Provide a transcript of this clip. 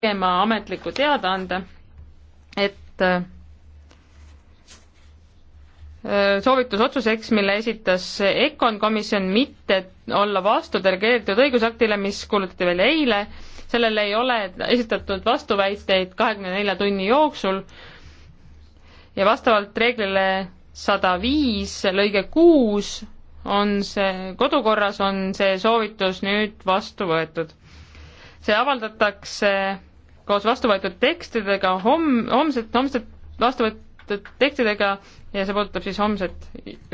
tegema ametliku teadaande, et äh, soovitus otsuseks, mille esitas EKON komisjon mitte olla vastu delegeeritud õigusaktile, mis kuulutati välja eile, sellele ei ole esitatud vastuväiteid kahekümne nelja tunni jooksul ja vastavalt reeglile sada viis lõige kuus on see, kodukorras on see soovitus nüüd vastu võetud. see avaldatakse koos vastu võetud tekstidega homme, homset, homset vastu võetud tekstidega ja see puudutab siis homset